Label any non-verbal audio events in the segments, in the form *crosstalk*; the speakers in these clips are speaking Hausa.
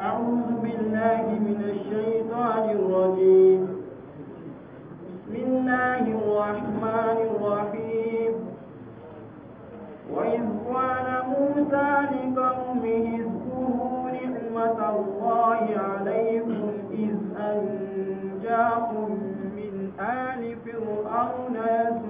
أعوذ بالله من الشيطان الرجيم بسم الله الرحمن الرحيم وإذ قال موسى لقومه اذكروا نعمة الله عليكم إذ أنجاكم من آل فرعون يسوع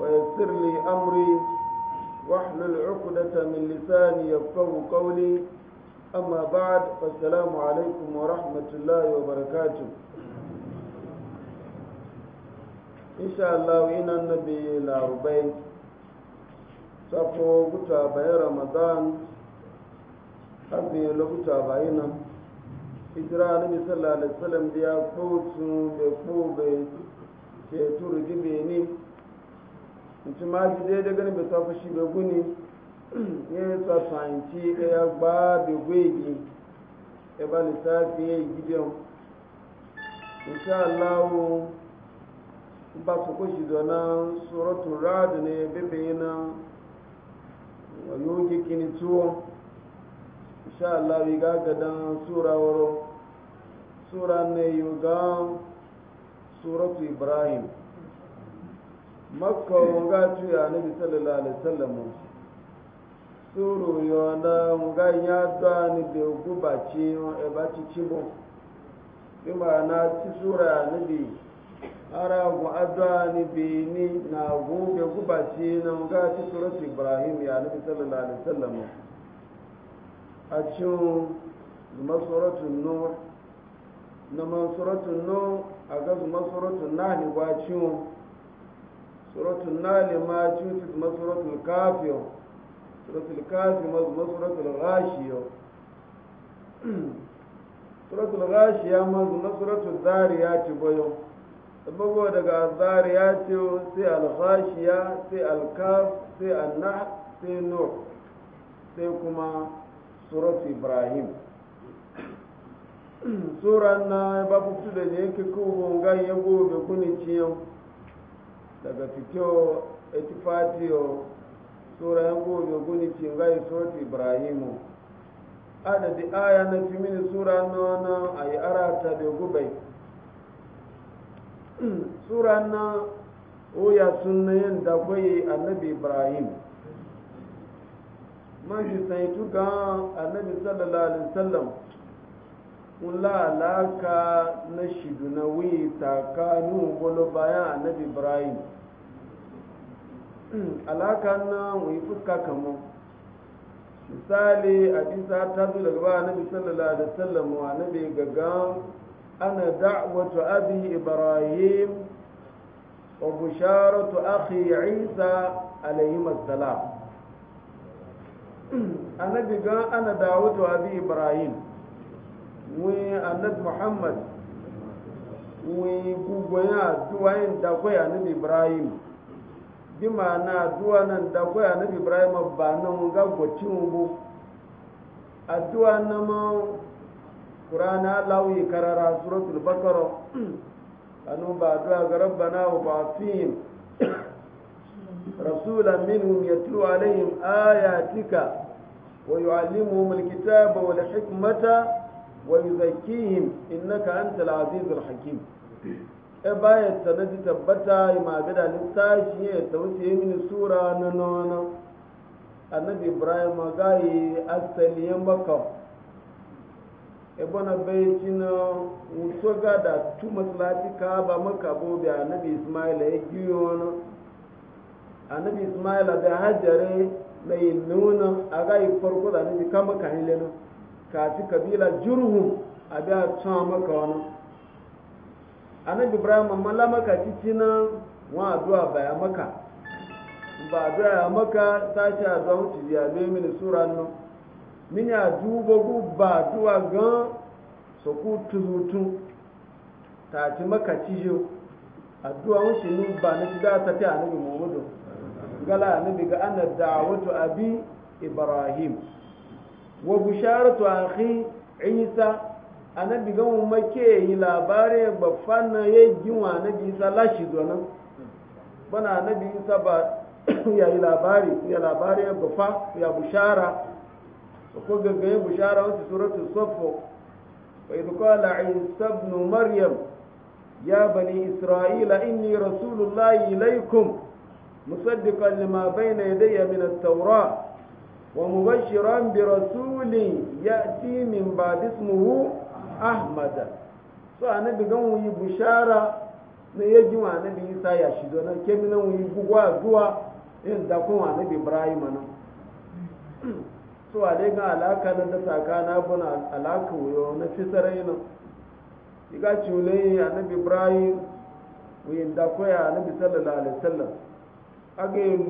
ويسر لي أمري واحلل عقدة من لساني يفقه قولي أما بعد فالسلام عليكم ورحمة الله وبركاته إن شاء الله إن النبي الأربعين safo guta bayan ramadan abin lokuta bayan nan hijira nabi sallallahu alaihi wasallam da ya kotu da kobe ke turu gibe ne nti ma ji daidai ganin bai tafi shi bai ya yi tsafanci ɗaya ba bai gwaigi ya ba lissafi ya yi gidan insha Allah ba su kushi zana suratun radu ne bebe yana yogi kini tuwo insha Allah yi gagadan sura sura suratu ibrahim makka wanga cuya nabi sallallahu alaihi wasallam suru yona wanga ya da ni be guba ci e ba ci ci bo bi na ci sura nabi ara gu adwa ni be ni na gu be guba ci na wanga ci sura ibrahim ya nabi sallallahu alaihi wasallam a cikin masuratun nuh na masuratun nuh a ga masuratun nahl gwa ciwon suratul nali ma cutis masuratul kafiyo suratul kafi ma suratul rashiyo *clears throat* suratul rashiya ma masuratul suratul zariya ci bayo sabago daga zariya ce sai alhashiya sai alkaf sai anna sai nur sai kuma surat ibrahim *clears throat* sura na babu tuda ne yake kowon gan ya gobe kuni ciyan daga fito etifatiyo sura yan gobe guni ce gai surati ibrahimu di aya na fi sura nono a yi arata da gubai *clears throat* sura na oya sunna yin da kwaye annabi ibrahim man shi sai tuka annabi sallallahu alaihi wasallam kula alaka na shidu na wuyi tsakanin wani bayan annabi ibrahim *clears throat* alaka na wuyi fuska kamo misali a bisa ta zo daga ba annabi sallallahu alaihi wasallam wa annabi gaga ana da'watu abi ibrahim wa busharatu akhi isa alaihi assalam *clears throat* annabi ga ana da'watu abi ibrahim wi annabi muhammad wi kugoya duwa yin dakwai annabi ibrahim bi na duwa nan dakwai annabi ibrahim ba nan ga gwacin bu addu'a na ma qur'ana lawi karara suratul baqara anu ba addu'a ga rabbana wa ba fihim rasulan minhum yatlu alaihim ayatika wa yu'allimuhum alkitaba wal hikmata wa yuzakkihim innaka antal hakim e baya tabbata ma da littafi ya tawce mini sura na nona annabi ibrahim bai wuto ga da tu masalati ka ba maka bo bi annabi ismaila ya giyo na annabi ismaila da hajjare mai nuna a gayi farko da annabi kama kanile na kafi kabila jurhu a biya tsawa maka wani annabi ibrahim amma maka titi nan wa addu'a ya maka ba addu'a ya maka ta ce addu'a mutu ya ne mini sura nu mini addu'a gu ba addu'a gan so ku tuzutu ta ci maka cijo addu'a mutu nu ba na ci da ta ta annabi muhammadu gala annabi ga ana da'awatu abi ibrahim wa bisharatu akhi isa annabi ga mu make yi labarin babban na ya giwa annabi isa lashi zonan bana annabi isa ba *coughs* ya yi labari ya labari ya bafa ya bushara ko gaggaye bushara wasu suratul safo wa idh qala isa ibn maryam ya bani isra'ila inni rasulullahi ilaykum إليكم مصدقا لما بين يدي من التوراة ومبشرا برسول يأتي من بعد اسمه أحمد فأنا بقوم بشارة na ya ji wa annabi isa ya shido nan ke minan wuyi gugwa zuwa yin da kun annabi ibrahim nan so a dai ga alaka nan da sakana buna alaka wuyo na fisarai nan iga cule annabi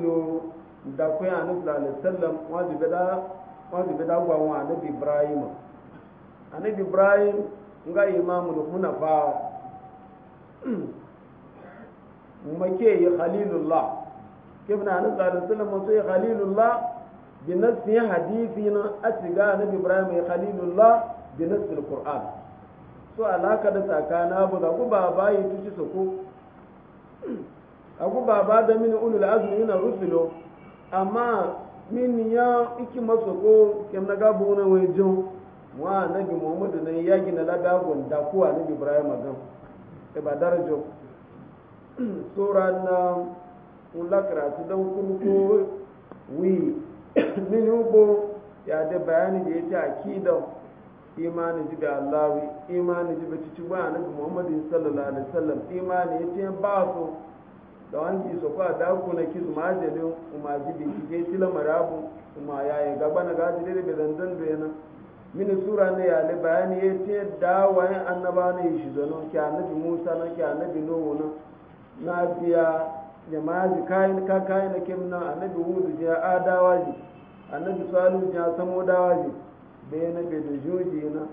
na da kuya a nufi alisallam wajibi da gwawa annabi ibrahim annabi ibrahim nga imamul hunafa *clears throat* make yi khalilullah kibna annabi alisallam wasu yi khalilullah bi nasi hadithi na atiga annabi ibrahim yi khalilullah bi nasi alquran so alaka da tsakana abu da ku ba bayi tuci soko aku *clears throat* baba da mini ulul azmi na rusulo amma mini ya iki masa ko kem na gabo na wajen wa nabi muhammadu nan ya gina lagagon da kuwa na nabi ibrahim gan e ba darajo sura *clears throat* na ula karatu don kurko wi *clears throat* min hubo ya da bayani da ya ce akida imani ji ga allawi imani ji ba ci ci ba nabi muhammadu sallallahu alaihi wasallam imani ya ba so da wani iso kwa da ku na kizu ma jele kuma ji bi kike tila marabu kuma ya yi gaba na gaji dai be zan dan yana mini sura ne ya le bayani ya ce da wani annaba ne shi zano ki annabi Musa na ki annabi Nuhu na na biya jama'a ji kayan ka kayan na kimna annabi Hud ji adawa ji annabi Salihu ji samodawa ji bayan be da joji na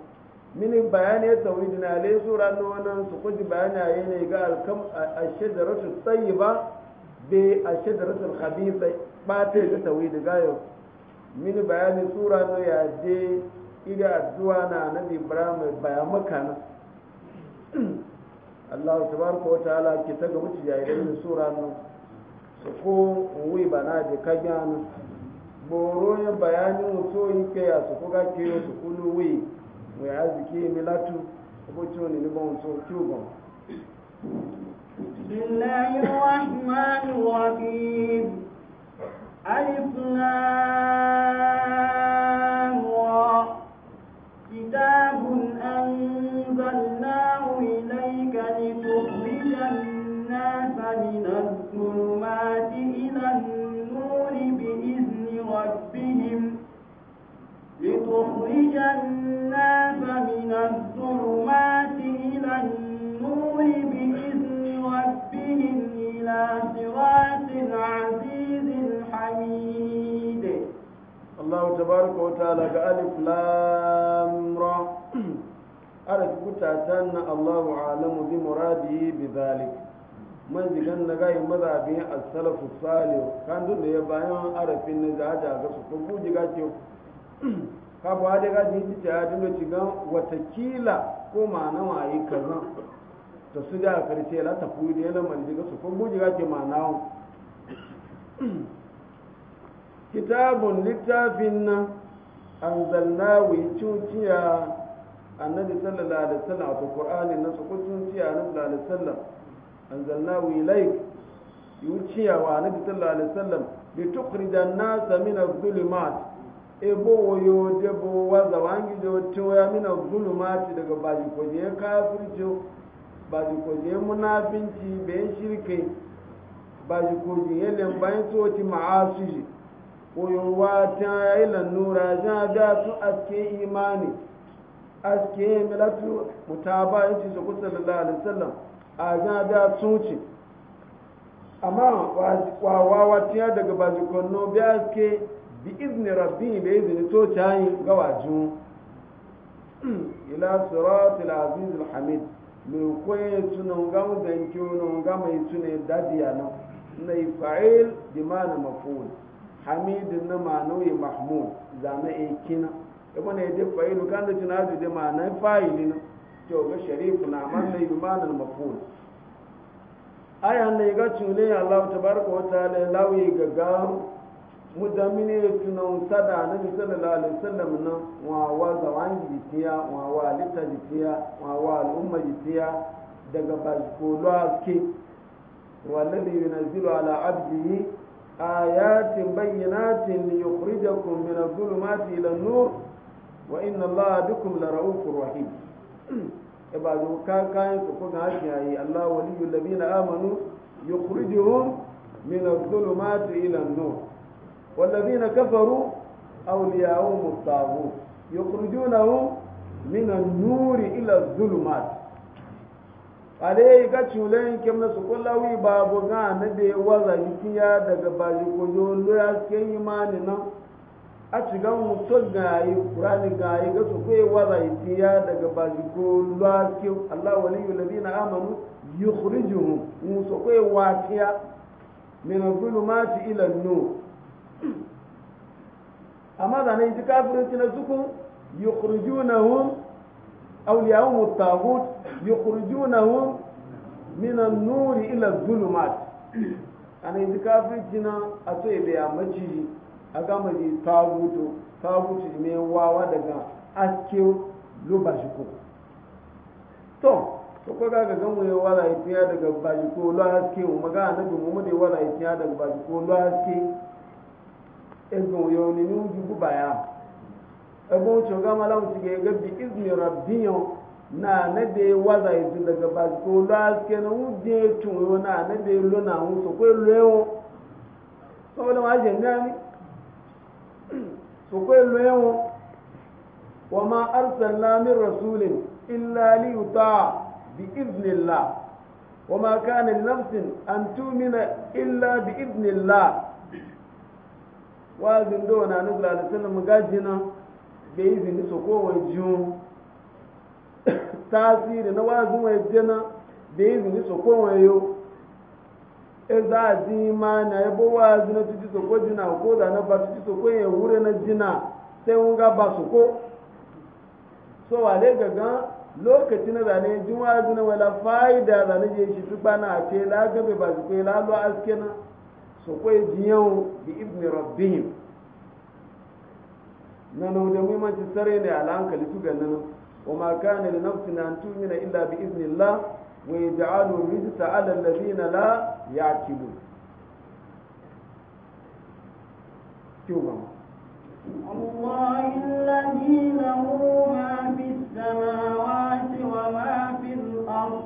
mini bayani ya tawhidi na lai sura na wannan su kuji bayani a yanayi ga alkam a tsayi ba be a shadaratu habibai ba ta yi tawhidi ga yau mini bayani sura na ya je ida addu'a na annabi ibrahim bayan makana *clears throat* Allah tabaraka wa ala ki ta ga wuce da sura na su ko ba na je kagyan boro ya bayani so yin ke ya su ko ga ke su kulu wuyi mai azìkí mi látú owó tí ó ní níbọ̀ ohun tó kí ó Allah tabaraka wa ta'ala ga alif lam ra *clears throat* ara kuta tanna Allahu alamu bi muradi bi zalik man digan na gai mazhabin as-salaf salih kan dun da ya bayan arafin na jaja ga su ko buji ga ce *clears throat* ka ba da ji ta dun da cigan watakila ko ma'ana wayi kaza to su da karshe la ta fuyi da lamar diga su ko buji ga ce ma'ana *clears throat* kitabun littafin nan an zanna wa yi cuciya annabi sallallahu alaihi wasallam a qur'ani na su cuciya annabi sallallahu alaihi wasallam an zanna wai laik yuciya wa annabi sallallahu alaihi wasallam bi tukhrija an-nas min adh-dhulumat ebo woyo wa waza wangi jo toya min adh-dhulumat daga baji ko je kafirjo baji ko je munafinci be shirke baji ko je yelen bayan tsoci ma'asiji koyon wata ilan nura za da su aske imani aske milatu mutaba ya ce shakku sallallahu alaihi wasallam a za da su ce amma wawa wata daga bajikonno bi aske bi izni rabbi bi izni to tayin gawaju ila siratil aziz al hamid mai koye tunan gamu zanki wani gama yi tunai dadiya nan na ifa'il bi ma na mafi'ul hamidin na manoyi mahmud zama a kina yabo ne duk fa'ilu kan da tuna ju de mana fa'ili na to ga sharifu na man ne yumanan maful aya ne ga tune Allah tabaraka wa ta'ala lauyi ga ga mudamine tuna sada na sallallahu alaihi wasallam na wa wa zawangi tiya wa wa litaji tiya wa wa al'umma tiya daga bakolwa ke wallazi yunzilu ala abdihi آيات بينات ليخرجكم من الظلمات إلى النور وإن الله بكم لرؤوف رحيم بعد كان كان يقول هذه الله ولي الذين آمنوا يخرجهم من الظلمات إلى النور والذين كفروا أولياؤهم الطاغوت يخرجونهم من النور إلى الظلمات ale ga culen kim na sukun lawi babu ga na da ya waza jikiya daga baji kojo lura ke imani nan a ciga mutum ga yi kurani ga yi ga su kai waza jikiya daga baji ko lura ke Allah waliyu ladina amanu yukhrijuhum musu kai wakiya min al-zulumati ila an-nur amma da ne ji kafirin na yi na yukhrijunahum أولياءهم الطاغوت يخرجونهم من النور إلى الظلمات أنا إذا كافرتنا أتوي بيا مجي أقام دي طاغوت طاغوت من واوا دقا أكيو لباشكو تو to ko ga ga mu yawa la itiya daga baji ko lo haske mu maga annabi mu da yawa itiya daga baji ko lo haske e go yo ni ni uji ku baya abin wucin gama lamuci ga yaga bi izini rabbiyo na na da ya waza ya daga ba ko la ke na wuje tuwo na na da ya lona wuso ko lewo saboda ma je ngami so ko lewo wa ma arsalna min rasulin illa li yuta bi iznillah wa ma kana li nafsin an tu'mina illa bi iznillah wa zindo na sallallahu alaihi wasallam gajina da izini su kowai jiyo tasiri na wazin wai jana da izini su kowai yau e za a ji ma na yabo wazi na tuci su ko jina ko da na ba tuci su ko ya wure na jina sai wun ga ba su ko so wale gaga lokaci na zane jin wazi na wala fa'ida zane je shi tuba na a ce la gabe ba su ko la lo aske na su ko jiyan bi ibni rabbihim nanu da muhimmanci sare ne a hankali su ganin wa ma kana li nafsin an tu'mina illa bi iznillah wa yaj'alu rijsa ala alladhina la ya'qilun kiwa Allah alladhina hu ma fis samawati wa ma fil ardh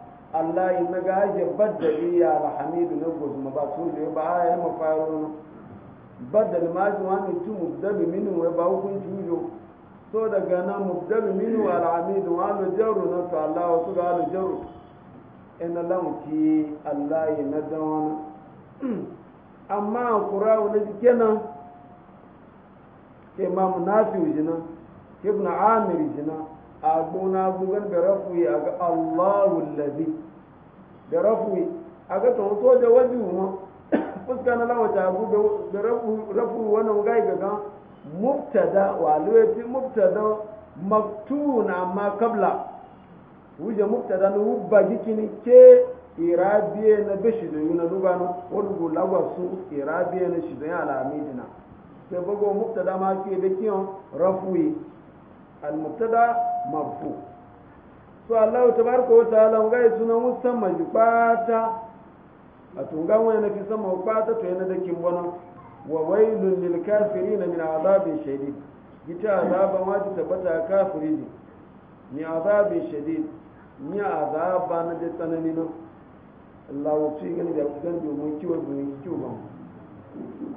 Allah yi na gaje baddali ya alhamidu na gozuma ba su je ba ya mafaro baddali ma ji wani tu mubdabi minu wai ba hukunci yo so daga na mubdabi minu alhamidu wani jaru na to Allah wasu ga alu jaru in Allah ki Allah yi na dawana *clears throat* amma kura wani kenan imam nafi jina ibn amir jina a gona bugan da rafuyi a ga allahu lazi da rafuyi a ga tun soja wajen wuma fuska na lawa ta abu da rafu wani gai ga gan mubtada wa alwati mubtada maktuna ma kabla wuje mubtada na wubba jikin ke irabiye na bishi da yuna na wani lagwa su irabiye na shi da alami alamidina sai bago mubtada ma ke da kiyon rafuyi al mubtada marfu so Allah tabaraka wa ta'ala ga sunan musamman ji kwata a tungan wani na sama kwata to yana dakin wani wa wailun lil kafirin min azabin shadid gita ma ta tabbata kafiri ne ni azabin shadid ni azaba na da tsanani na Allah wuce gani da kudan domin kiwon domin kiwon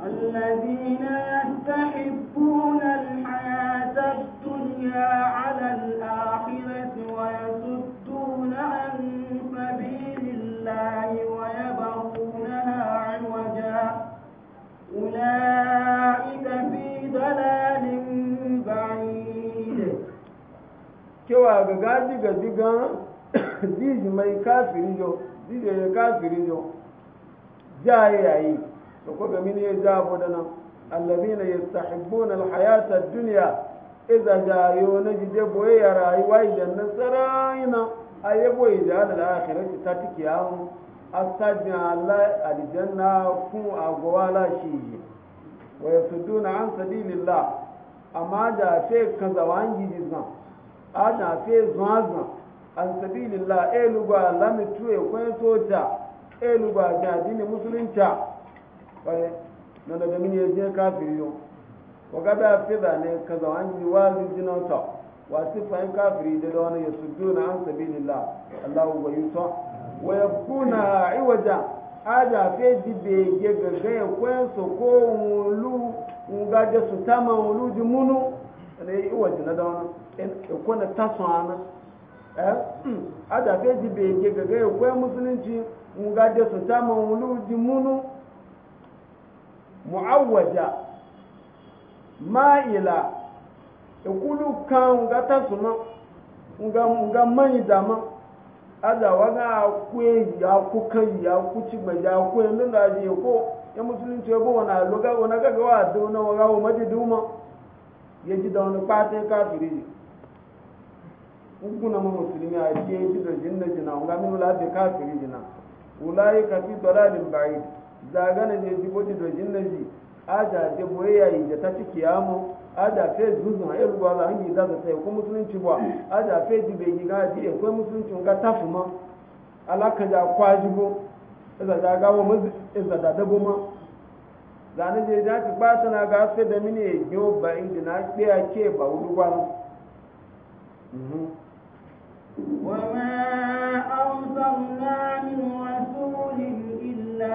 الذين يستحبون الحياة الدنيا على الآخرة ويصدون عن سبيل الله ويبغونها عوجا أولئك في ضلال بعيد cewa ga gaji ga digan jiji mai kafiri jo jiji ya kafiri jo ko ga mini ya da nan allazina yastahibbuna alhayata ad-dunya idza jayo na jide boye ya rayuwa idan nasaraina aye boye da al-akhirati ta tikiyawo astajin Allah aljanna ku agwala shi wa yasudduna an sabilillah amma da fe kan zawan gidi zan a da fe zuwa zan an sabilillah eluba lamitu e kwen soja eluba ga dini musulunta kwaye na daga mini ya je kafiri yau wa gada fida ne ka zama an yi wazi jinauta wa sifayin kafiri da da wani ya suddu na an sabi lillah allahu wa yusa wa ya kuna iwaja aja fe dibe ge gaga ya kwayan so ko wulu nga da su tama wulu ji munu ne iwaji na da wani ya ta taso ana hmm. aja fe be ge gaga ya kwayan musulunci nga da su tama wulu ji munu mu'awwaja ma'ila ikulu kan ga tasuma nga nga mani dama ada waga akwe ya ku kan ya ku ci ma ya ku nan da je ko ya musulunci ko wana loga wana ga gawa da wana waga wa madi duma ya ji da wani fatan kafiri kuna ma musulmi a ce ji da jinna jina nga min la be kafiri jina ulai ka fi dalalin ba'id zagana ne ji boti do jinna ji ada de boya yi da ta ci kiyamo ada fe zuzun ha ilu bala hangi za ta sai ko musulunci ba ada fe ji be giga ji e ko musulunci ga tafu ma alaka da kwajibo eh, za da gawo mu iza eh, da dabo ma zane je da ti ba tana ga fe da mini e gyo ba inda na ke ke ba wudu gwan وما أرسلنا من رسول إلا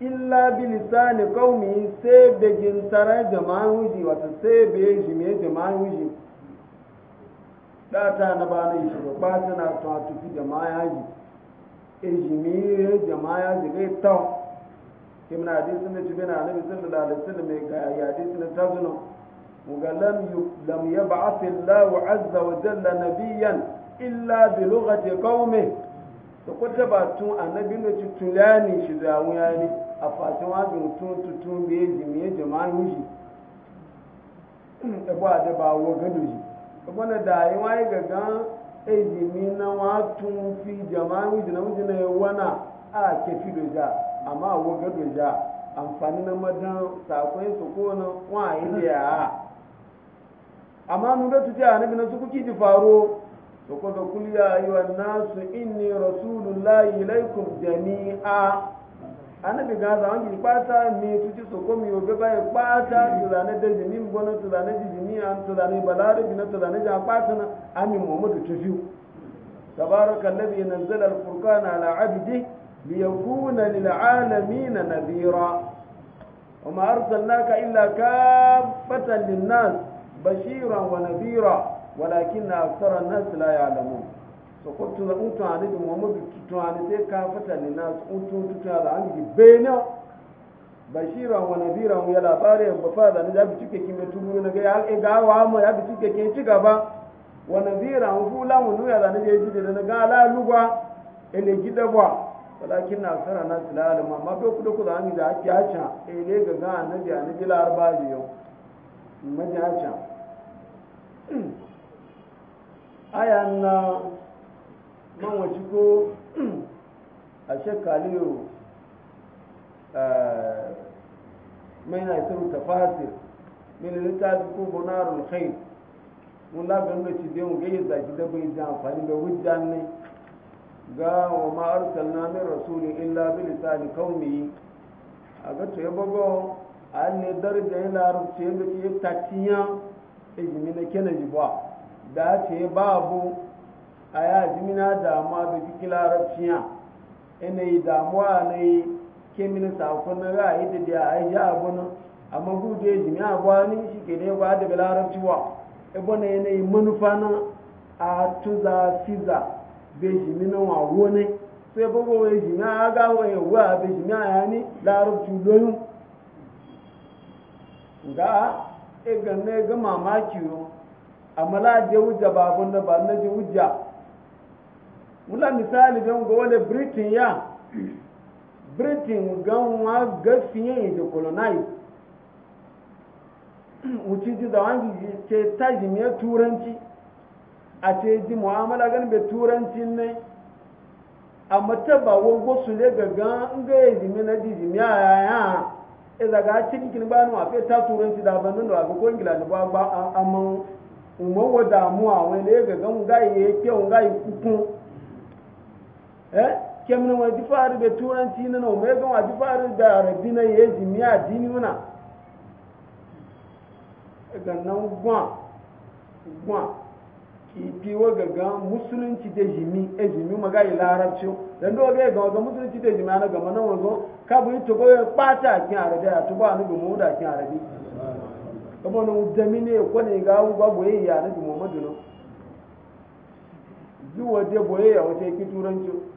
illa bi lisani qaumi sai da gintara jama'an wuji wato sai be shi me jama'an wuji data na ba na shi ba ba tana ta tufi jama'a yaji e shi me jama'a yaji kai ta kimna hadisin da jibina annabi sallallahu alaihi wasallam ga hadisin da tazuno muga lam lam yab'ath Allahu azza wa jalla nabiyyan illa bi lughati qaumi to kutaba tun annabi ne tutulani shi da wuyani afashin wajen tun tutun bai ji mai jama'in shi ebo ba gado yi ebo na da yi wa ga gan eji mi na wa tun fi jama'in shi na wana a ke fi doja amma wo gado ja amfani na madan sakon su ko na wa da ya amma nun tuti bi na su ji faro da kulliya inni anabi gaza wangi kpata mi o be ba mi pata baye kpata ne de ni mbo no mbono ne jiji ni an tulane balare bi bina ne ja pata na ami muhammadu fiu tabaraka alladhi nazzala ala abdi li yakuna lil alamin nadhira wa ma arsalnaka وما أرسلناك إلا كافة للناس بشيرا ونذيرا ولكن أكثر الناس لا يعلمون sokoto na utuani da muhammadu tutuani sai ka fata ne na tun tutuwa da an yi bena bashira wa mu ya labari ya bafa da ni zabi cike kin betu mu na ga ya ga wa mu ya bi cike kin ci gaba wa nabiran fula mu ya da ni ji da na ga la lugwa ele gida ba walakin na sara na silal ma ma ko kudu kudu an da ake hacha ele ga ga annabi annabi larba biyo majacha *clears throat* aya na man waci ko a shekaliyo eh, mai na isaru tafasir min littafi ko bonarul khair mun labarin da ci mu gayyar zaki da bai ji amfani da hujja ne ga wa ma arsalna min rasulin illa bi lisani qaumihi a ga to a yi ne daraja ya larabci yadda ke tatiya ejimi na kenaji ba da ce babu a ya ji mina damuwa da fi larabciya ina yi damuwa na yi ke mini sakon na ga yi da da a yi abu na amma gudu ya ji mina abuwa ni shi ke ne ba da larabciwa ebo na yana yi manufa na a tuza fiza bai ji na wa wone sai bugu ya ji mina a ga wa yawa bai ji mina ya ni larabci loyin ga e ga ne ga mamaki yo amma la je wujja babun da ba na je wujja mula misali don ga wani britain ya britain ganwa gafiye da colonize *clears throat* wuce ji da wani ce tajimiyar turanci a ce ji mu'amala ganin bai turanci ne amma ta ba wago su ne gaga in ga ya jimi na ji jimi a yaya e daga cikin kin ba nuwa fe ta turanci da ban nuna ga ko ingila da ba ba amma umma wa damuwa wani ne gaga mun ga ya yi kyau ga kukun eh kemna wa di be turanci na na mai gan wa di da arabi na ye jimi addini wana ga nan gwa gwa ki bi wa ga ga musulunci da jimi e jimi maga yi larabci dan do ga ga ga musulunci da jimi ana ga mana wanzo ka bu to go ya pata kin arabi ya to ba ni bu mu da arabi kuma no damine ko ne ga u ba yi ya ni bu muhammadu no ji de boye ya wace ki turanci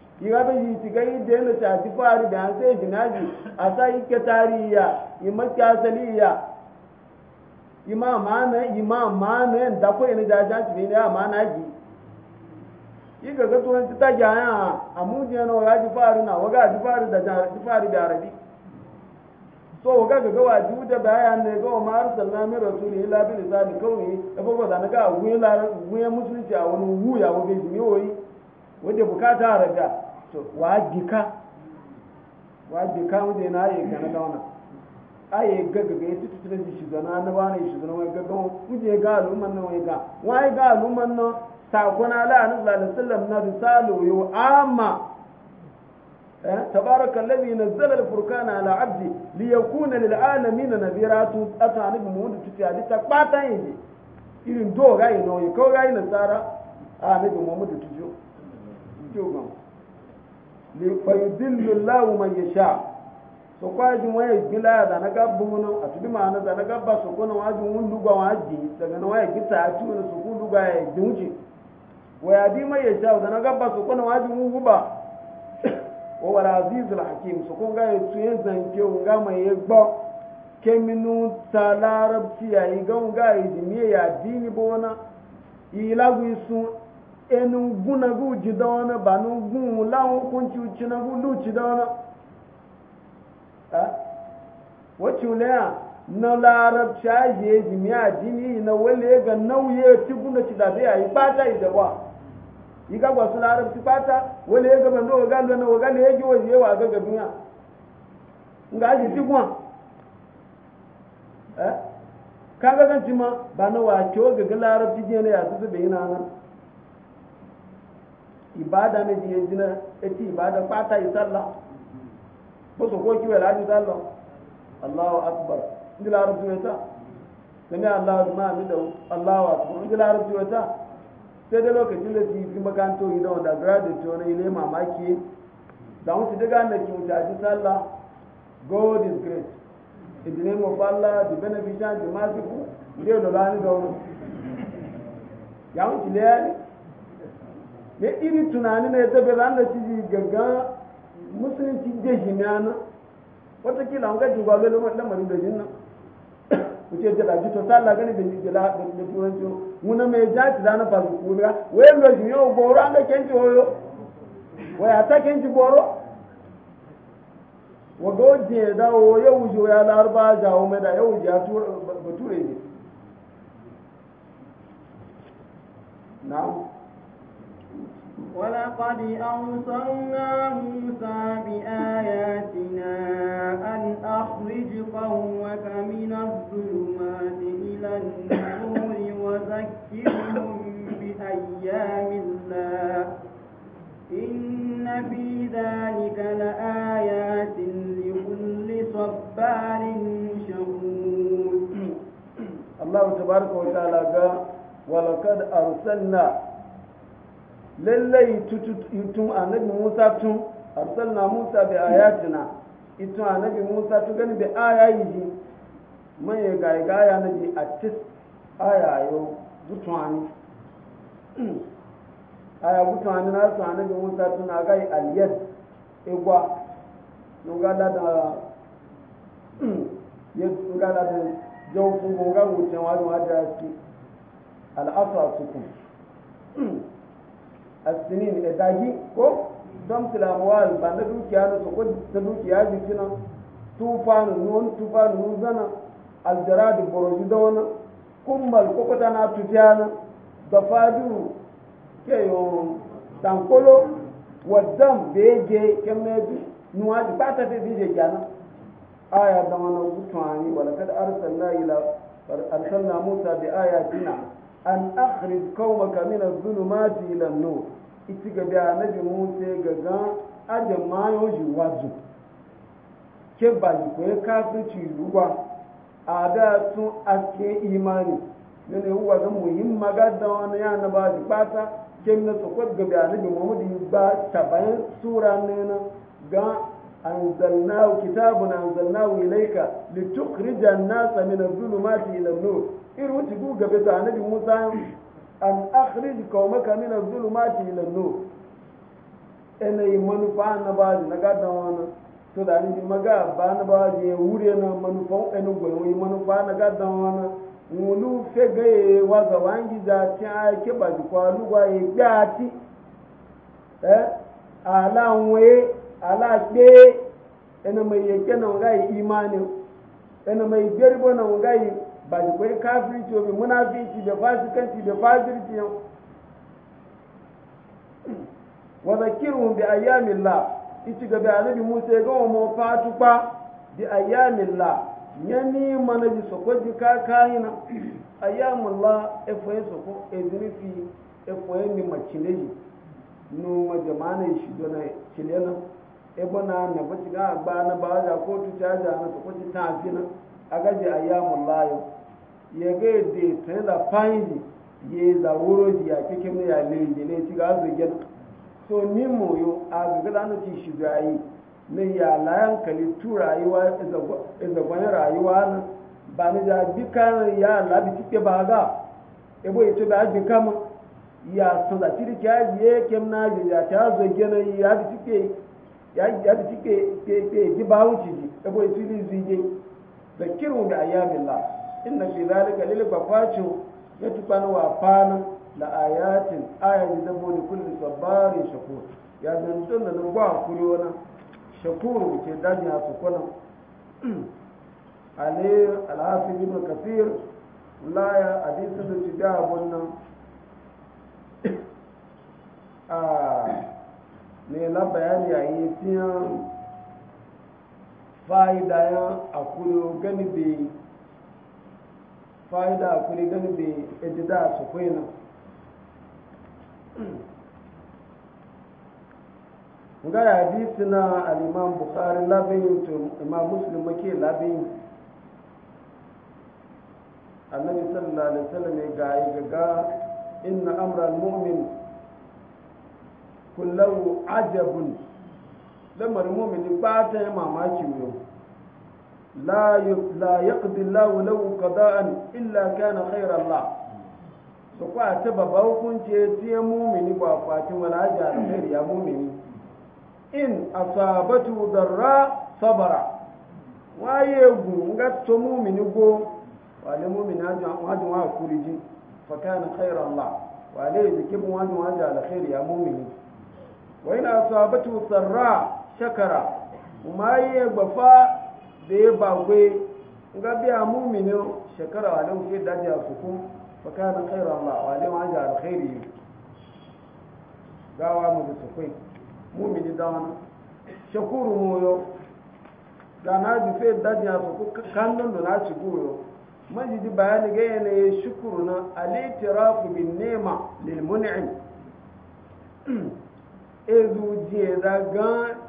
yigabe yi tiga yi deno ta ti fari da an sai jinaji a yi ke tariya yi maki asaliya ima mana ima mana da ko ina da ja ti ne amana gi yi ga ga to ta ta ja ya amudi na wa ji fari na waga ji fari da ja ji fari da arabi so waga ga ga waju da bayan ne ga ma arsalna min rasuli ila bil lisan kauni da e ba da na ga wuya musulunci a wani wuya wa bai ji yoyi a bukata raga to wa dika wa dika gana gaga ga na na gaga ga wai ga ga sakona la sallallahu alaihi na risalu yu amma تبارك الذي نزل الفرقان على عبده ليكون للعالمين نذيرا أتى بمود ابن مهود تتعدي يجي دو غاي نو يكو غاي نصارى عن ابن تجو تجو fayudillu lahu man yasha so kwaji waya gila da na gabbu mun a tudi ma na da na gabba so kono waji mun duga waji daga na waya gita a ci wani su ku duga ya dunji waya di mai yasha da na gabba so kono waji mun guba *coughs* o wala azizul hakim so ko ga yetu yin zanke o ga mai ya gbo keminu ta larabci ya ga ga idimiya ya dini bona ilagu sun enugu na gu ji da wani ba nugu lawon hukunci uci na gu a na wani wacce na a aji ya yi jini na wale ga nauye ti guna ci da zai a yi bata yi yi ga gwasu larabci bata wale ya na waga na ya ji waje yawa ga gabin ya nga aji ti a ma na ne ìbáadá méjì yẹn jiná Eti ìbáadá pátá isalla bó ko kó kíwẹ̀ láti sálọ aláwọ akbar ndí láàrú tí wẹ́tà sẹ́mi aláwọ mi dẹ̀wò aláwọ akbar ndí láàrú tí wẹ́tà da gírádì tí wọn ilé màmá kí é dàwọn ti dégá nà kí wọn god is great ìdílé mọ̀ fálà the the merciful ya iri tunani na ya tafi zan da ciji ganga musulunci je shi na na watakila an gaji ba lolo lamarin da jinna kuce ce da jito ta Allah gani da jila da turanci muna mai jati da na fasu kuma wai lo shi yau goro an ga kenji hoyo wai ta kenji goro waga wajen ya dawo ya wuce ya larba jawo mai da ya wuce ya bature ne na'am ولقد أوصلنا موسى بآياتنا أن أخرج قومك من الظلمات إلى النور وذكرهم بأيام الله إن في ذلك لآيات لكل صبار شكور الله تبارك وتعالى قال ولقد أرسلنا lallai itun annabi musa tun arsalna musa bi ayatina itun annabi musa tun gani bi ayayi man ya gaya gaya na ji a tis ayayo gutuwani aya gutuwani na su annabi musa tun na gai aliyar igwa nugada da *clears throat* ya nugada da jaufu gonga wucewa da wajen al'afa sukun asinin da dagi ko don tilamuwal ba na dukiya na soko ta dukiya jikina tufanu nun tufanu nun zana aljaradu boroji da wani kumbal kokota na na da fadu ke yo tankolo wadam je kemme bi nuwa di bata te bije jana aya da wani gutwani wala kad arsalna ila arsalna musa bi ayatina an akhrij qaumaka min adh-dhulumati ila an-nur itiga bi anabi Musa gaga aje mayo ji wazu ke bali ko ti ruwa ada tun ake imani nene huwa da muhimma ga da wani ya na ba ji pata ke na to ko ga bi anabi Muhammad ba tabayan sura ne na ga anzalnahu kitabun anzalnahu ilayka litukhrijan nasa min adh-dhulumati ila an-nur irin jigu gabe ta annabi musa an akhrij qaumaka min adh-dhulumati ila an-nur ene manufa na ba na gadan wannan to da ni maga ba na ba je wure na manufa ene goyo yi manufa na gadan wannan mulu fege ga wangi za ti a ba ji kwa e, ala ba ji kwai kafirci obi munafici da fasikanci da fasirci yau wa zakirhum bi ayyamillah ichi ga bi annabi Musa ga mu fatupa bi ayyamillah yani mana ji soko ji ka kaina ayyamullah e fo soko e dirifi e fo mi machineji nu ma jama'ana shi dona chilena e bona na ba ci ga ba na ba ja ko tu ja ja na soko ji ta fina agaji ayyamullah yau ya ga yadda ta da fayin ya da wuro ji ya kike mu ya le ji ne ci ga zugen so ni mu yo a ga da na ci shi da ne ya layan kali tu rayuwa da gwa rayuwa na ba ni da bi kan ya la bi tike ba ga e bo ito da bi kam ya so da tiri ka ye kem na ji ya ta zugen ya bi tike ya ya bi tike ke ke ji ba wuci ji e bo ito ni zige da kirun da ayyabillah inna fi zalika lil bafacho ya tukana wa fana la ayatin ayati da bodi kulli sabarin shakur ya tun da ba kuri wana shakuru ke dani a su kwana ale alhafi ibn kasir laya hadisin da ci da wannan a ne la bayani a yi tiyan fa'ida ya akuri gani bai fa'ida kuri gani bai ejida su kwaina ga hadisi na al'imam bukari labin to imam muslim make labin annabi sallallahu alaihi wasallam ga gayi gaga inna amra al-mu'min kullahu ajabun lamar mu'min ba ta mamaki yau la yaqdi Allahu الله qada'an illa kana khayra Allah to sokwa a ta babba hukunci ya mumini ba kwakin wani hajji alkhairi ya mumini in asabatu darra sabara waye gu nga to mumini go wale mumini hajji wa kuriji fa kana khayra Allah wale zikin wani hajji alkhairi ya mumini wa in asabatu sarra shakara umaye gbafa da ya ba kwe ga biya mumini shekara wa lau ke daji a suku baka na khairu Allah wa lau an yi khairu gawa mu da sukwai mumini da wani shakuru moyo da na ji fe daji a suku kan nan da na ci goyo majidi bayani ga yanayi shukuru na alitirafu bin nema lil mun'im *clears throat* ezu je da gan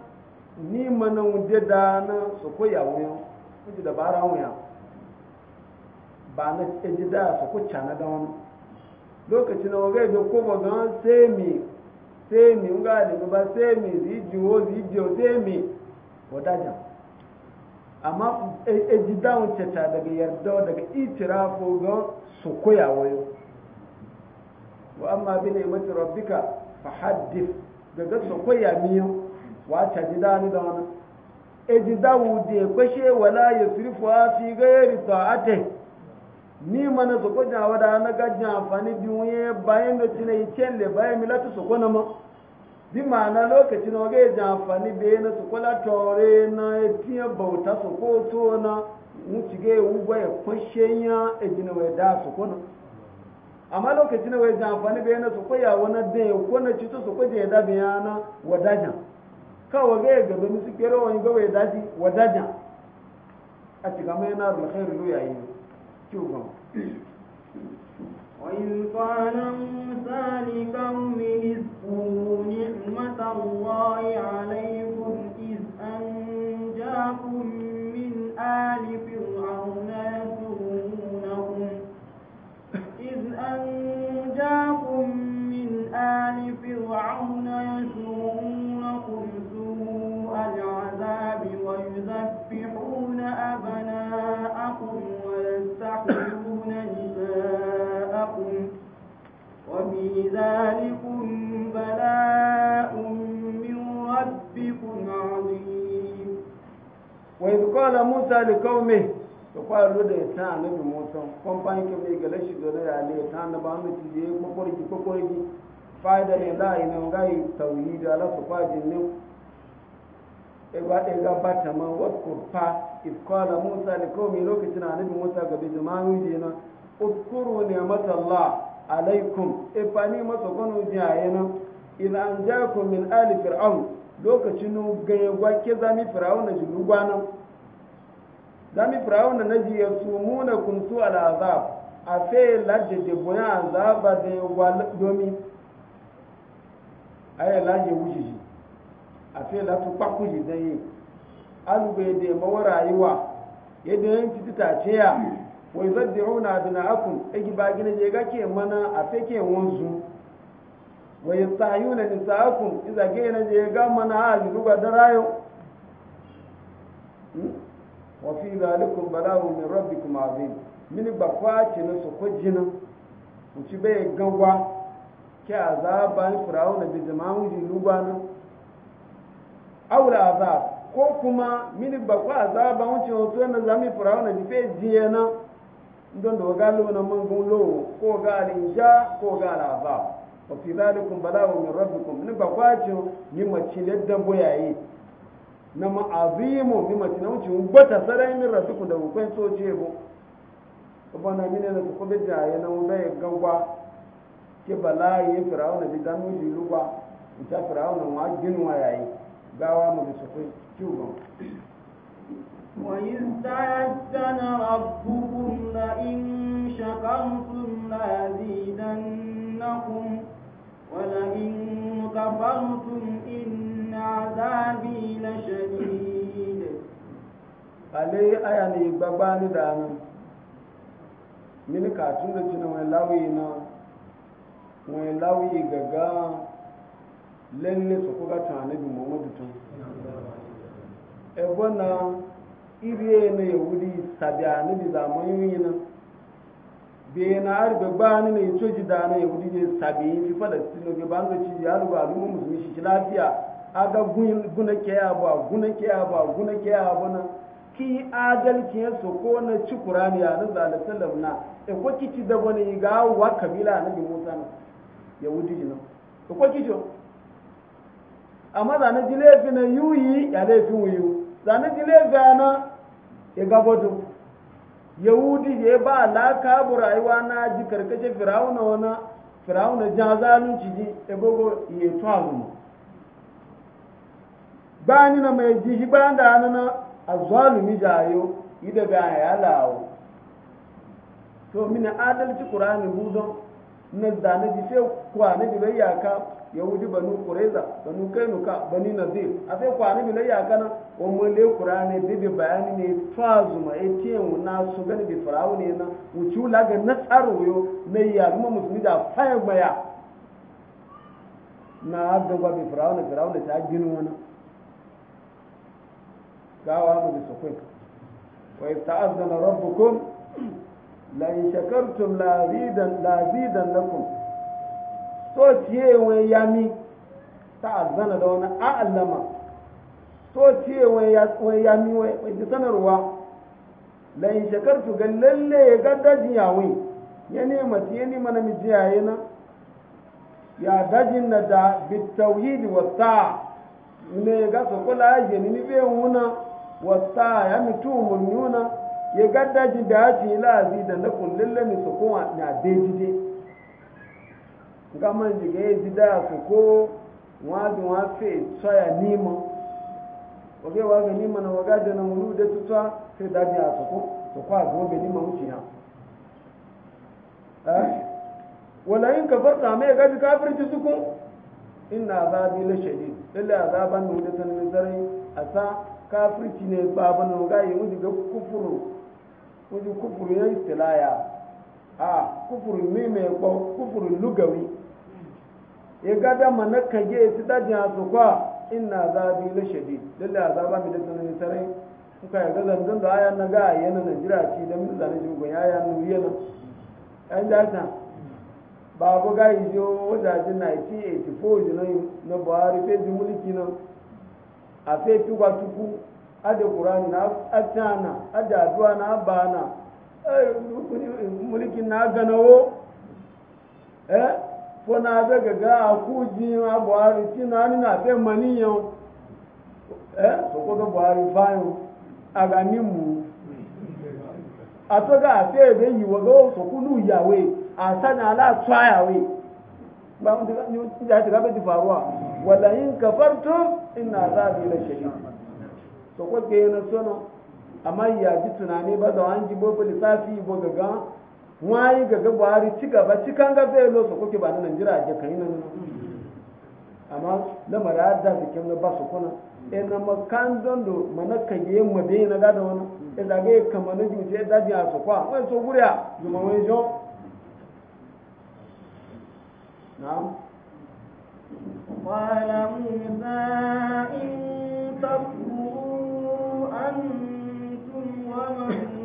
ni mana wunde da na su koya wuyan kuji da bara wuyan ba na eji da su ko cana da lokaci na wagai da ko ba gan sai mi sai mi nga da ba sai mi zi jiwo zi jiwo sai mi wadaja amma eji e da wunce ta daga yarda daga itirafo gan su koya wuyan wa amma bi ne mata rabbika fa haddith daga su koya wata ji dani da wani eji dawu da ya kwashe a fi ni mana su ko jawa na gajin amfani biyu bayan da cina yi celle bayan milatu na ma bi ma'ana lokaci na ya ji amfani na soko kola tore na ya tiya bauta soko to na wuce ga ya wuba ya kwashe ya ejina da na amma na ya ji amfani na ya wani da ya ya kawai ga gaba musu kere wani gaba ya daji daja a cika mai na alkhairu lo yayi kyugon وإذ قال موسى لقومه اذكروا نعمة الله عليكم إذ أنجاكم من آل ذلكم بلاء من ربكم عظيم وإذ قال موسى لقومه kwaya lo da ta annabi Musa kamfani ke mai gale shi dole ya ne ta annabi Muhammad ji ya kokorki kokorki faida ne da ina ngai tauhid ala su fajin ne e ba e ga bata ma wakur fa if qala Musa li qaumi lokacin annabi Musa ga bi zamanu na udkuru alaikum ifani masa kwano jayana in an ja ku min ali fir'aun lokacin gaya gwake zami fir'aun na jiru gwanan zami fir'aun na ji ya sumu na kuntu azab a sai laje da boya azaba ya wal domi aya laje wuji a sai la tu yi. dai alube de mawa rayuwa yadda yanki titace ya wai zaddi'una abna'akum igi ba gina je gake mana a fake wanzu wai yastahiyuna nisa'akum iza gina je ga mana ha luga darayo hmm? wa fi zalikum bala'u min rabbikum azim min ba kwace na su ko jina mu ci bai gawa ke azaban fir'auna bi jama'u ji luga na aula azab ko kuma min ba kwa azaban wuce wato na zami fir'auna bi fe jiya nan don da waga lona man gun ko ga alinsha ko ga alaba wa fi zalikum bala'u min rabbikum ni ba kwacho ni mace da boyaye na azimu ni mace na wuce ta sarai min rabbikum da kun soje bo na mine na ko be da ya na wanda ya gangwa ke bala'i fir'auna bi danu ji luwa ita fir'auna ma ginwa yayi gawa mu bi su kai ciwo وإذ تأذن ربكم لئن شكرتم لأزيدنكم ولئن كفرتم إن عذابي لشديد علي أياني باباني دانا mini katun da jina wani lawi na wani lawi gaga lalle iri wuri sabiani bi yi na be na arbe bani ne to ji da ne wuri ne sabiin fi falastino ge ci ya shi lafiya aga ke ya ba guna ke ya ba guna ke ya ba na ki adalci ya so ko na ci qur'ani ya na zalatallam na e ko da bane ga wa kabila na bi musa na ko amma da na e na yuyi ya wuyu da na ya gabato yahudi ya ba alaka bu rayuwa na ji karkashin firawuna wana firawuna ja zalunci ji ya gogo ya tuwa ba ni na mai ji shi ba da na a zalumi jayo yi da bayan ya lawo to mini adalci ƙurani hudon na zane ji sai kwane bi lai yaka yahudi banu kureza banu kainuka bani nazir a sai kwane bi lai yaka na wani le kurane bibi bayani ne fazu ma etiye na su gani bi farawo ne na wuce wula ga na tsaro wuyo na iya kuma musulmi da fayar gbaya na gaba bi farawo na farawo ne ta gini wani gawa mu bisa kwai wa ista'azana rabbukum la in shakartum la zidan la zidan lakum so tiye wani yami ta'azana da wani a'allama to ce wai ya mi wai ji sanarwa la in shakartu ga lalle ya ga ya yawai ya nema ci ya nema na mi na ya dajin na da bitawhidi wa ne ga sokola ya ni be wuna wa ya mi tu mulmuna ya ga daji da ya ci la da na kullalle mi sokowa na dejide ga man ji ga ya ji da soko wa ji wa fe tsaya nima wage wa ga nima na waga da na muru da tutuwa sai dabi a sako to kwa zuwa bai nima wuce ya wala in ka farta mai gabi kafirci suku inna azabi la shadid lalle azaban da wuce sanin sarai a sa kafirci ne baban na waga yi wuce ga kufuru wuce kufuru ya tilaya a kufuru ne mai kwa kufuru lugawi ya gada mana kage su dajin a sako inna zabi la shadi dalla azaba mi da tsanani tare kuka ya ga zanzan da ayan na ga yana na jira ci da mun zane ji go yaya nu yana an da ta babu ga yijo wajajin 1984 jina na buhari fe ji mulki nan a fe fi gwa tuku da qur'ani na atana da addu'a na bana eh, mulkin na ganawo eh fona be gaga akuji ma buhari ti na ni na fe mani yo eh so ko do buhari fayo aga ni mu ga afe be yi wo go so kunu yawe asana ala tsayawe ba mu diga ni ja diga be faruwa wala in kafartum inna azabi la shadid so ko ke yi na sono amma ya ji tunani ba da an ji bo lissafi bo gaga wani gaga buhari ci gaba ci kan ga zai losa kuke ba na najira ga kai nan amma lamara da zikin na ba su kuna e na makan don do mana kage yin be na da wani e ga na juje ya ji a su wani wai so guriya zuma wani jo na'am قال موسى إن تكفروا أنتم ومن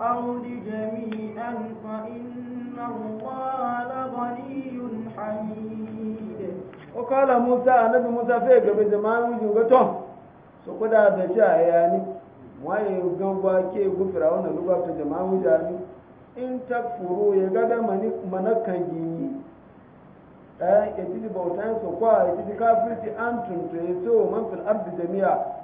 الأرض جميعا فإن الله لغني حميد وقال موسى النبي موسى فيك بجماعة وجوغته سقط هذا شيء يعني waye gaba ke gufira wannan ruba ta jama'u jami in takfuru ya gada manakan gini ɗaya ya ci bautan su kwa ya ci kafirci an tuntuye to man fil ardi jami'a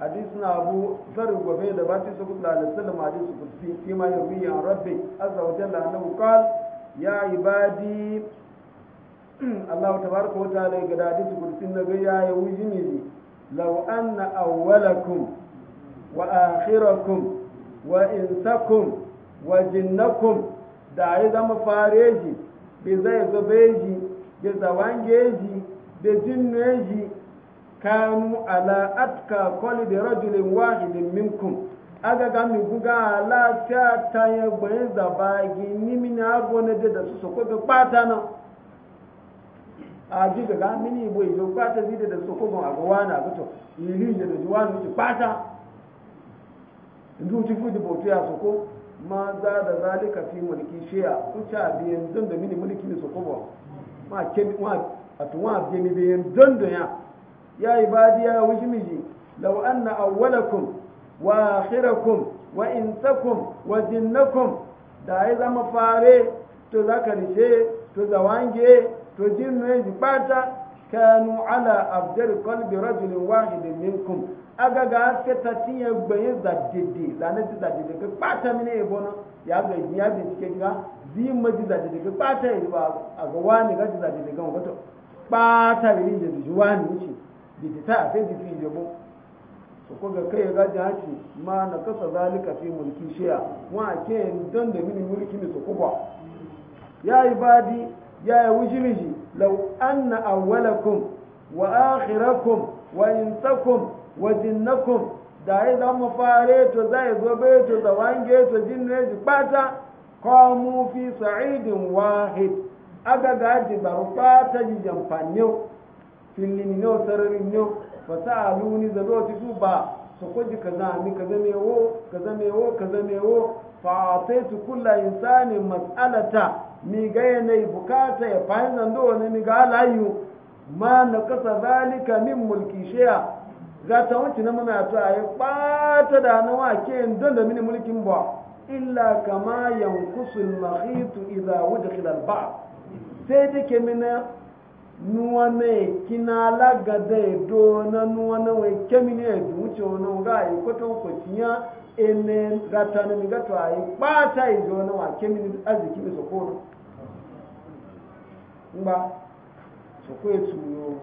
حديث أبو ذر وبين باتي صلى الله عليه وسلم حديث قدسي فيما يروي عن ربي عز وجل أنه قال يا عبادي الله تبارك وتعالى قد حديث قدسي النبي يا يوجني لو أن أولكم وآخركم وإنسكم وجنكم داعي ذا مفاريجي بزي زبيجي بزوانجيجي بزنويجي kanu ala atka kọli da rajulin wahidin minkum aga ga mi guga ala ti a ta ya gbayin zaba gi nimi ni ago na da su so koga kpata na a ji ga ga mini ibo ijo kpata zi da su koga agowa na gato iri da da juwa nuti kpata ndu ti fudi bautu ya soko ma za da ka fi mulki shiya kuce a biyan don da mini mulki ne soko ba ma ke ma a tuwa biyan biyan don ya ya wujimiji عبادي anna awwalakum wa akhirakum wa insakum wa jinnakum da ya zama fare to za ka to zawange to jinnu ya bata kanu ala abdar qalbi rajulin wahidin minkum aga ga aske ta tiye gbaye zadede zane ti zadede ka bata mini e bona ya ga ya bincike ga zi ma ji zadede ka kpata. yi ba a ga wani ga ji zadede ga wato bata yi ne ji wani ce digita sai jifi jabo su kuga kai ya gaji haci ma na kasa zalika fi mulki shiya wa ke don da mini mulki ne su kuba ya yi badi ya yi wuji miji lau na awalakun wa akhirakun wa intakun wa jinnakun da ya za mu fare to za ya zo bai to da wange to jinne ji bata qamu fi sa'idin wahid aga gaji baro fata ji jamfanyo filin yau sararin yau ba ta aluni da zo su ba su kwaji ka zami kaza zamewo ka fa sai su kulla insani mas'alata mi ga yanayi bukata ya fahimta zando ne mi ga alayu ma na kasa zalika min mulki shiya ga ta wanci na muna to ya bata da na wake don da mini mulkin ba illa kama yankusul mahitu idza wudkhila al-ba sai dake mina nuwa na kina laga da edo na nuwa na wai kemi ne edo wuce wani ga yi kwaton kwaciya ene gata na mi gato a yi kpata izo na wa kemi ne arziki ne sokoro ngba soko ya tuyo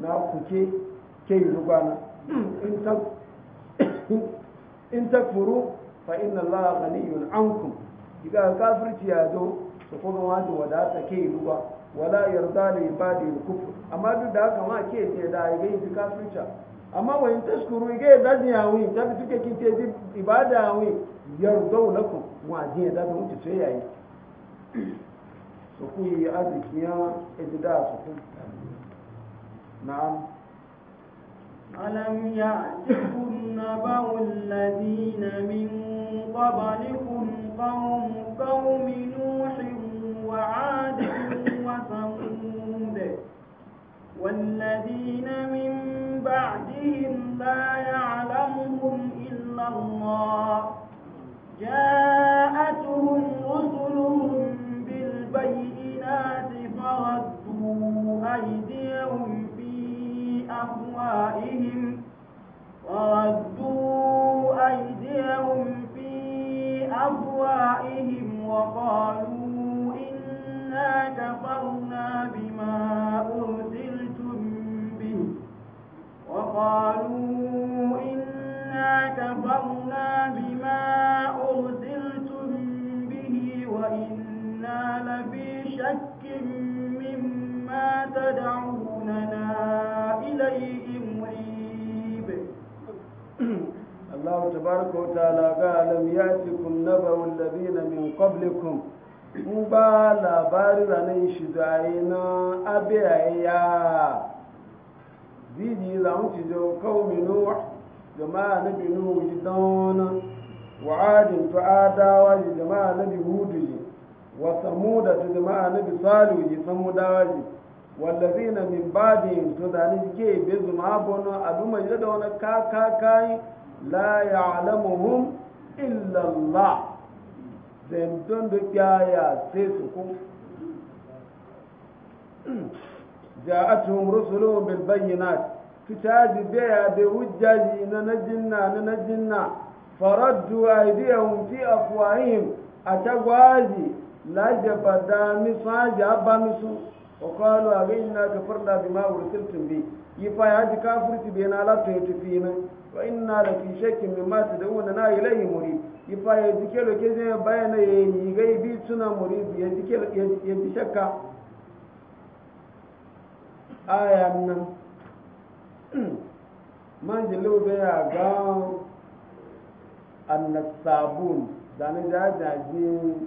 na kuke ke yi rugana in takfuru fa inna allaha ghaniyun ankum diga kafirci ya zo soko ga wani wadata ke yi rugana wala yarda li ibadi al-kufr amma duk da haka ma ke ce da yayi fi kafirca amma wa in tashkuru ga da ni yawi ta bi tuke kin ce ibada yawi yarda lakum wa ji da da mutu sai yayi so ku ألم يأتكم نبأ الذين من قبلكم قوم kakakai la ya'lamuhum illa Allah zan don da kyaya sai su ku ja'atuhum rusuluhum bil bayyinat kitabi biya bi hujjaji na na najinna na na najinna faraddu aydiyahum fi afwahihim atagwaji la jabada misaja abamisu wa qalu aghayna kafarna bima ursiltum bi yifa ya ji kafirci bai na lati ya tafi nan wa inna la fi shakkin mimma tad'una na ilayhi murid yifa ya ji kelo ke zai bayana ya yi gaibi tuna murid ya ji kelo ya ji shakka aya nan man jilu bai ga annasabun da ne da jaji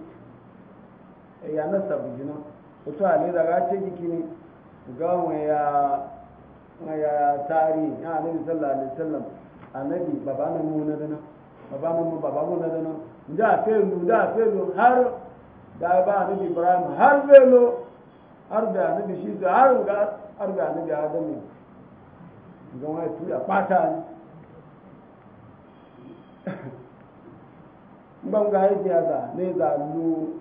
ya nasabu jinan wato a ne da race jiki ne ga waya tari ya annabi sallallahu alaihi wasallam annabi baba na mu na dana baba mu mu baba mu na dana da felu da felu har da ba annabi ibrahim har felu har da annabi shi da har ga har da annabi adam ne ga waya tuya fata ne *coughs* ban ga yake ya za ne za lu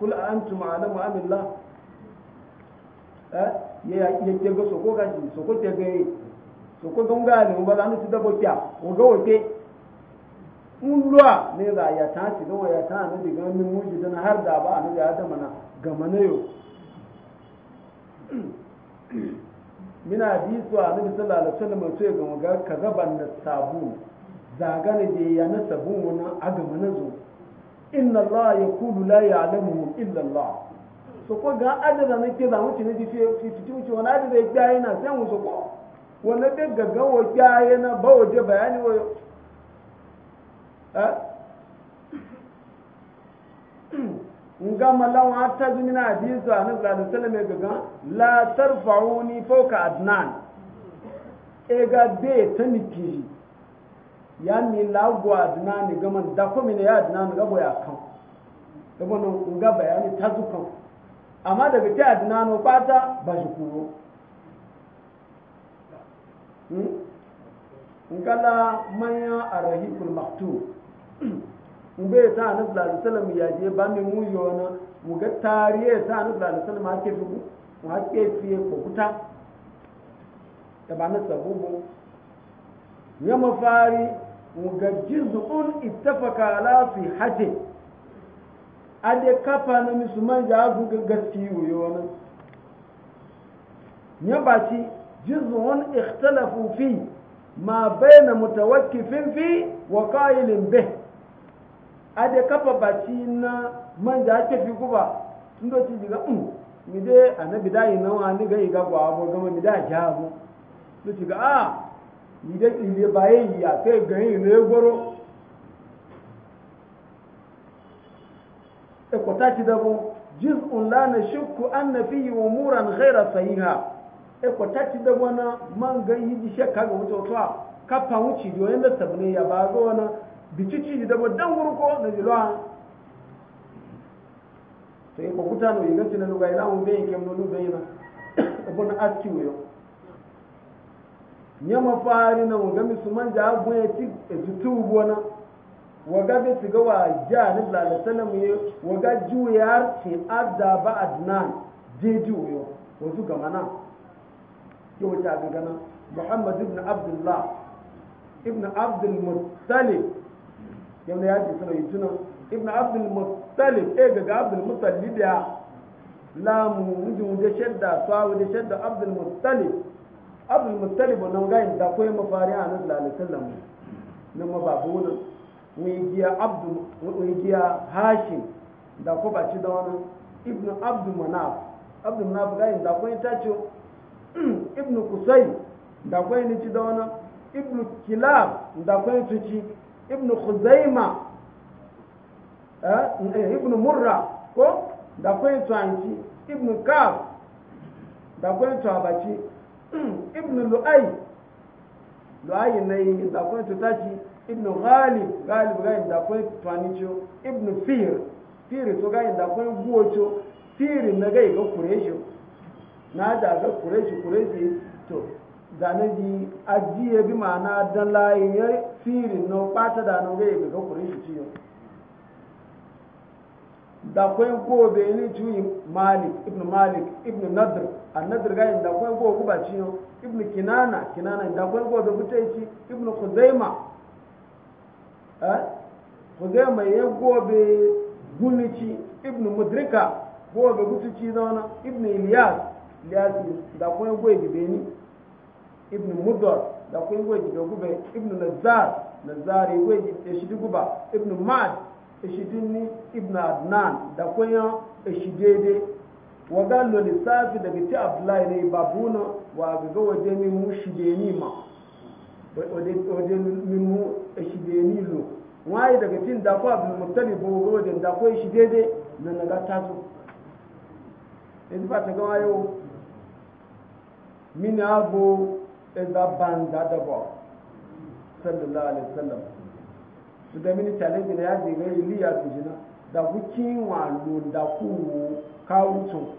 kul a antum alamu amillah eh ya ya ke go soko ga ji soko te be soko don ga ne ba zanu da dabo kya o ga wote un lwa ne za ya ta ci don ya ta ne diga min muji dana har da ba ne ya da mana ga mana yo *clears throat* mina su a nabi sallallahu alaihi wasallam to ya ga kazaban na sabu zagane da ya na sabun wannan a ga mana zo inna Allah ya kudu la ya alamu illa Allah so ko ga adada na ke zamu ci ne ji fi ci wuce wani adada ya kyaye na sai mu so ko wani ɗin gaga wa gyaye na ba waje bayani wa eh nga malawa ta zumi na hadisu a da sallallahu alaihi gaga la tarfa'uni fauka adnan e ga be ta niki ya yani lagu adina ni gaman da ko mine ya adina ni gabo ya kan gabo no nga bayani ta zukan amma da daga ta adina no fata ba shi kuro hmm ngala manya arahikul maktu mbe ta na sallallahu alaihi ya je ba mi mu yona mu ga tariye ta na sallallahu alaihi wasallam ake fi mu ake fi ko kuta da ba na sabubu ya mafari ga jiz'un ittafaka ala fi haje ade kafa na musulman da azu ga gaski wuyo nan ya baci jiz'un ikhtalafu fi ma baina mutawakkifin fi wa qailin bih ade kafa baci na man da ake fi kuba tun do ci diga um mi de annabi dai nan wa ni ga yi iga gwa abo gama mi da jabu to ci ga a idan ile bayan yi ate gɛn ile egboro ekɔta ki dabo jiz'un la na shukku an na fihi umuran ghaira sahiha ekɔta ki dabo na man gan yi dishe ka ga wuce wato a kafa wuce do yanda sabne ya ba go na bicici ji dabo dan wurko na jilwa to yi kwakuta kutano yi gasi na lugai na mu bayin kemno lugai na abun *coughs* akiwo ya mafari na wanga suman da abu ya ci tutu gona waga bai shiga wa ja ni lalasalam ye waga juyar fi adda ba adnan je juyo wasu ga mana ke wace ga gana muhammad ibn abdullah ibn al muttalib yau ya ji sanar tuna ibn al muttalib eh, ga abd al muttalib ya lamu wujin wuje shadda sawu da shadda al muttalib abul mutalibu nan gayin da koyi mafari a nan lalisan nan nan mababu nan wai giya abdu wai giya hashim da ko ba ci da wani ibnu abdu manaf abdu manaf gayin da koyi ta ce *clears throat* ibnu kusai da koyi ni ci da wani ibnu kilab da koyi su ci ibnu khuzaima eh, eh, ibnu murra ko da koyi su an ibnu kaf da koyi su abaci Mm, ibn lu'ay lu'ay nay da ko to tachi ibn ghalib ghalib ga da ko to anicho ibn fir fir to ga da ko guocho fir na ga ga kurejo na da ga kurejo kureji to zanaji ajiye bi ma'ana dan layin ya firi na kwata da nan gaya ga kureji ciyo da kwai gobe ni juyin malik ibn malik ibn nadr annadir ga inda kwai go ku baci ciyo ibnu kinana kinana inda kwai go da kutai ci ibnu khuzaima eh khuzaima ya go be gunici ibnu mudrika go be kutuci zauna ibnu iliyas iliyas da kwai go e be ni ibnu mudar da kwai go e gibe gube ibnu nazar nazari go e gibe shi guba ibnu mad ishidinni ibnu adnan da kwai ishidede wa gallo safi daga ci abdullahi ne babuna wa ga waje min mu shideni ma waje min mu shideni lo waye daga cin da ko mutane muttalib ko wajen dako ya shi daidai na naga taso in ba ta gawa yau min abu da banda da ba sallallahu alaihi wasallam su da mini challenge na ya je ga iliya tujina da kukin wa lo da ku kawucin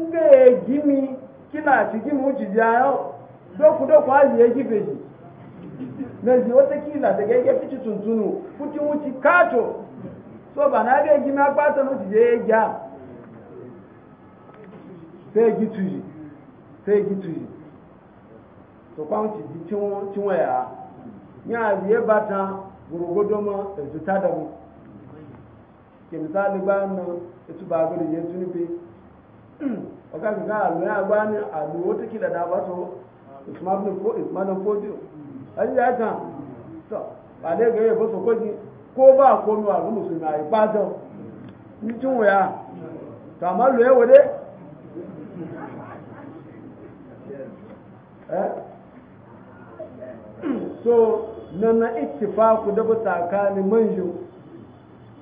nga egimi kinachi gimi uchizi ayo doku doku azi egibeji nezi otekina tegege pichi tuntunu kuti uchi kacho so bana aga egimi soba na uchizi egya sai gituji sai gituji to ya nya biye waka ka ga allo ya gbani alu wata kila da ba to ismail ibn an ya ka to ba dai ga yabo so koji ko ba ko mu a musulmi ai ba da ni tun waya to amma lo ya wade eh so nan na ittifaku da ba tsakanin manjo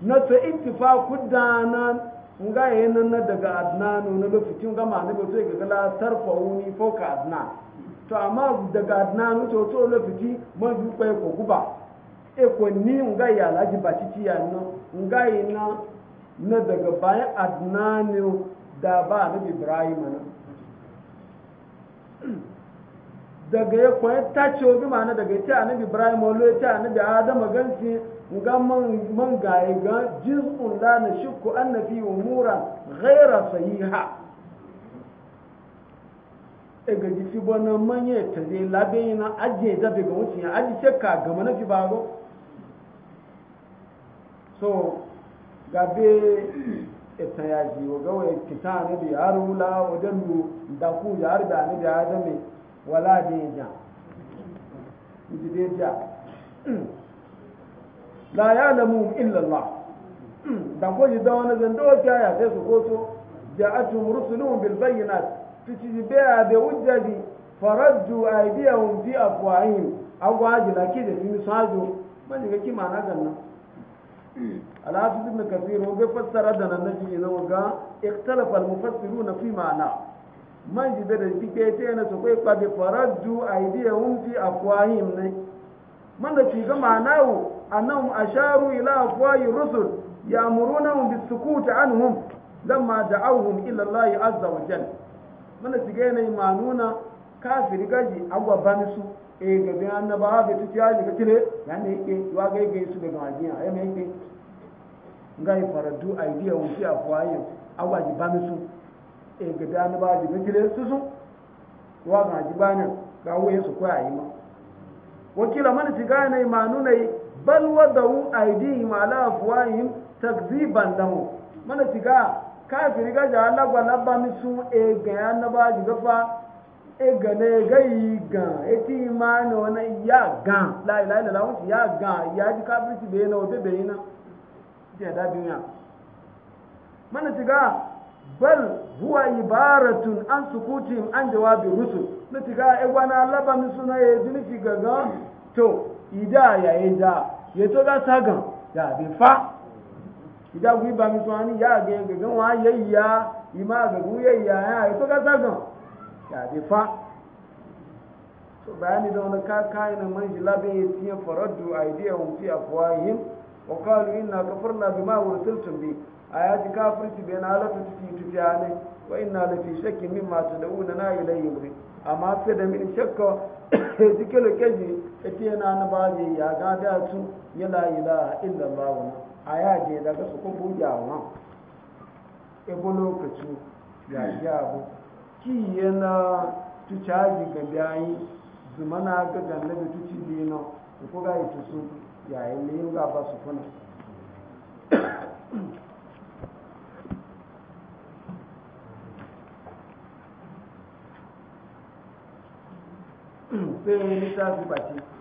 na to ittifaku da nan nga yi nan na daga no na lokaci ga ma ne to ga gala tarfa uni foka adna to amma daga adnanu to to lokaci ma bi kwai ko guba e ko ni ga ya laji bacici ya no mun yi na na daga bayan ne da ba ne ibrahim na daga ya ko ta ce obi ma na daga ta ne ibrahim wallo ta ne adam adama gansi ga man gaye ga jiz'un la na shukku anna fi umuran ghaira sahiha e ga ji fi bana manye ta zai labe na ajiye da daga wuce ya aji shakka ga mana fi bago so gabe ita e ya ji wa ga kita ne da ya rula wajen mu da ku ya harba ne da ya zame wala da ja ji dai ja la ya lamu illallah da ko ji da wani zando ta ya sai su koto ja'atuhum rusuluhum bil bayyinat fi tijbi'a bi be faraddu aydiyahum fi afwahihim agwa ajila ki da sun sajo man ga ki mana ganna alhafiz ibn kathir ga fassara da nan naji ina ga ikhtalafa al mufassirun fi ma'ana man ji da ki ke te na so kai kwabe faraddu aydiyahum fi afwahihim ne man da ci ga ma'anawo أنهم أشاروا إلى أفواه الرسل يأمرونهم بالسكوت عنهم لما دعوهم إلى الله عز وجل من تجينا يمانونا كافر gaji agwa ba e gabe annaba ba ta tiya daga tire yana yake wa ga yake su daga ajiya ai mai yake ngai faradu idea wu fi afwaye agwa ji ba su e gabe annaba ji ga su su wa ga ji bana ga wuya su ko ma wakila ma nuna imanuna bal wadau aidihim ala afwahim takziban lahu mana tiga kafiri ga ja Allah gwala ba mi su e ga na ba ji ga fa e ga ne ga yi ga e ti ma no na ya gan la ilaha illallah wuti ya gan ya ji kafiri ti be na o be be ina ji da duniya mana tiga bal huwa ibaratun an sukutim an jawabi rusul na tiga e gwana Allah ba mi su na e ni ti ga to ìdá àyà ẹja yẹtọ́ dáta gàn dàbí fa ìdá kú ibà mi sọ ní ìyá àgẹ gẹgẹ wọn ayé ìyá ìmọ àgẹgùn yẹ ìyá ẹ yẹtọ́ dáta gàn dàbí fa. to bayani da wani kaka yana man shi labe ya tiyan faraddu a idiya hunfi a fuwayin wa kalu inna kafarna bima wursiltum bi ayati kafirci bi na halatu tufi tufi ne wa inna la fi shakkin mimma tad'una na ilayhi mri amma sai da min shakka dike lokeji ita na na ba je ya ga da su ya la ilaha illa allah wa aya je daga su ko buja wa e bo lokaci ya ya bu ki yana tu caji ga bayi zumana ga ganna da tuci dino ko ga yi tusu yayin ne ga ba su kuna *coughs* sai littafi baki